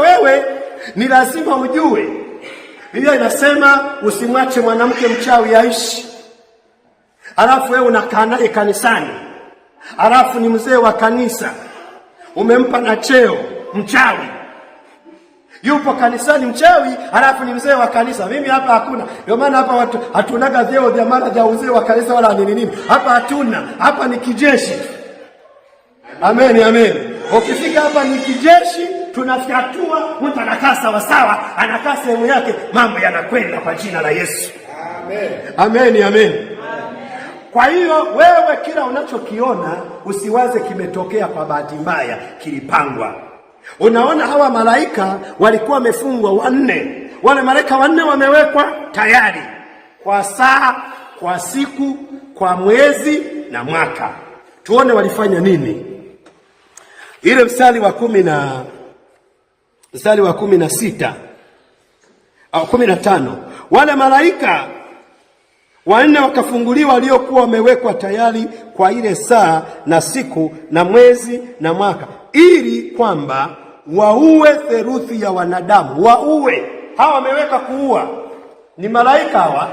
wewe ni lazima ujue, Biblia inasema usimwache mwanamke mchawi aishi. alafu wewe unakaa naye kanisani, halafu ni mzee wa kanisa, umempa na cheo, mchawi yupo kanisani mchawi, halafu ni mzee wa kanisa. Mimi hapa hakuna, ndio maana hapa watu hatunaga vyeo vya mara vya uzee wa kanisa wala nini nini, hapa hatuna. Hapa ni kijeshi. Amen, amen. Ukifika hapa ni kijeshi, tunafyatua mtu anakaa sawasawa, anakaa sehemu yake, mambo yanakwenda kwa jina la Yesu. Amen, amen, amen. Kwa hiyo wewe, kila unachokiona usiwaze kimetokea kwa bahati mbaya, kilipangwa. Unaona, hawa malaika walikuwa wamefungwa wanne, wale malaika wanne wamewekwa tayari kwa saa, kwa siku, kwa mwezi na mwaka. Tuone walifanya nini, ile mstari wa kumi na mstari wa kumi na sita au kumi na tano wale malaika wanne wakafunguliwa waliokuwa wamewekwa tayari kwa ile saa na siku na mwezi na mwaka, ili kwamba waue theruthi ya wanadamu. Waue hawa wameweka kuua, ni malaika hawa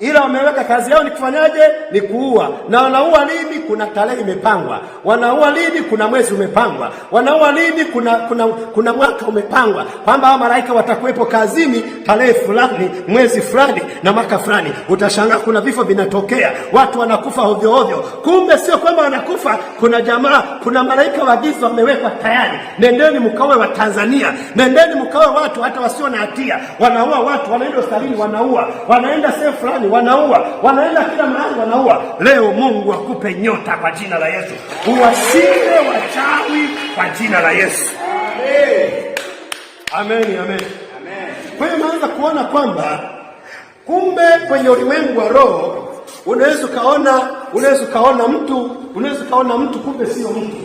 ila wameweka kazi yao ni kufanyaje? Ni kuua. Na wanaua lini? Kuna tarehe imepangwa. Wanaua lini? Kuna mwezi umepangwa. Wanaua lini? Kuna kuna kuna mwaka umepangwa, kwamba hao malaika watakuwepo kazini tarehe fulani, mwezi fulani na mwaka fulani. Utashangaa kuna vifo vinatokea, watu wanakufa ovyo ovyo. Kumbe sio kwamba wanakufa, kuna jamaa, kuna malaika wa giza wamewekwa tayari. Nendeni mkaue wa Tanzania, nendeni mkaue watu hata wasio na hatia. Wanaua watu, wanaenda hospitalini, wanaua, wanaenda sehemu fulani wanaua, wanaenda kila mahali, wanaua. Leo Mungu akupe nyota kwa jina la Yesu, uwasinde wachawi kwa jina la Yesu. Amen, amen, amen. Kwa hiyo unaanza kuona kwamba kumbe kwenye ulimwengu wa roho unaweza ukaona, unaweza ukaona mtu, unaweza ukaona mtu kumbe sio mtu,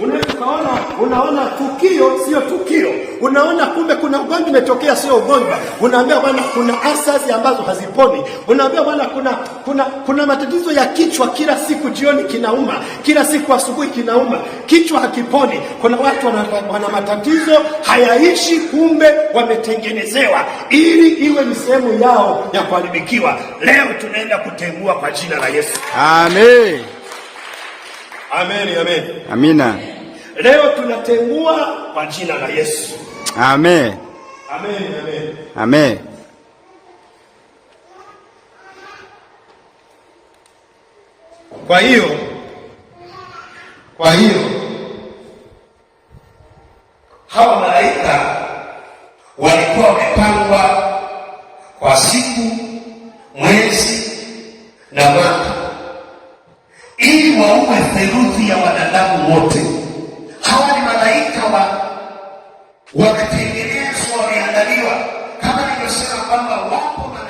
unaweza ukaona, unaona tukio sio tukio, unaona kumbe kuna ugonjwa umetokea, sio ugonjwa. Unaambia bwana, kuna asasi ambazo haziponi. Unaambia bwana, kuna kuna kuna matatizo ya kichwa, kila siku jioni kinauma, kila siku asubuhi kinauma, kichwa hakiponi. Kuna watu wana, wana matatizo hayaishi, kumbe wametengenezewa ili iwe ni sehemu yao ya kuharibikiwa. Leo tunaenda kutengua kwa jina la Yesu. Amen. Amen, amen. Amina. Leo tunatengua kwa jina la Yesu. Amen. Amen. Amen. Amen. Kwa hiyo kwa hiyo hawa malaika walikuwa wamepangwa kwa siku, mwezi na mwaka ili waume theluthi ya wanadamu wote. Hawa ni malaika wa wakatengenezwa, wameandaliwa kama nilivyosema kwamba wapo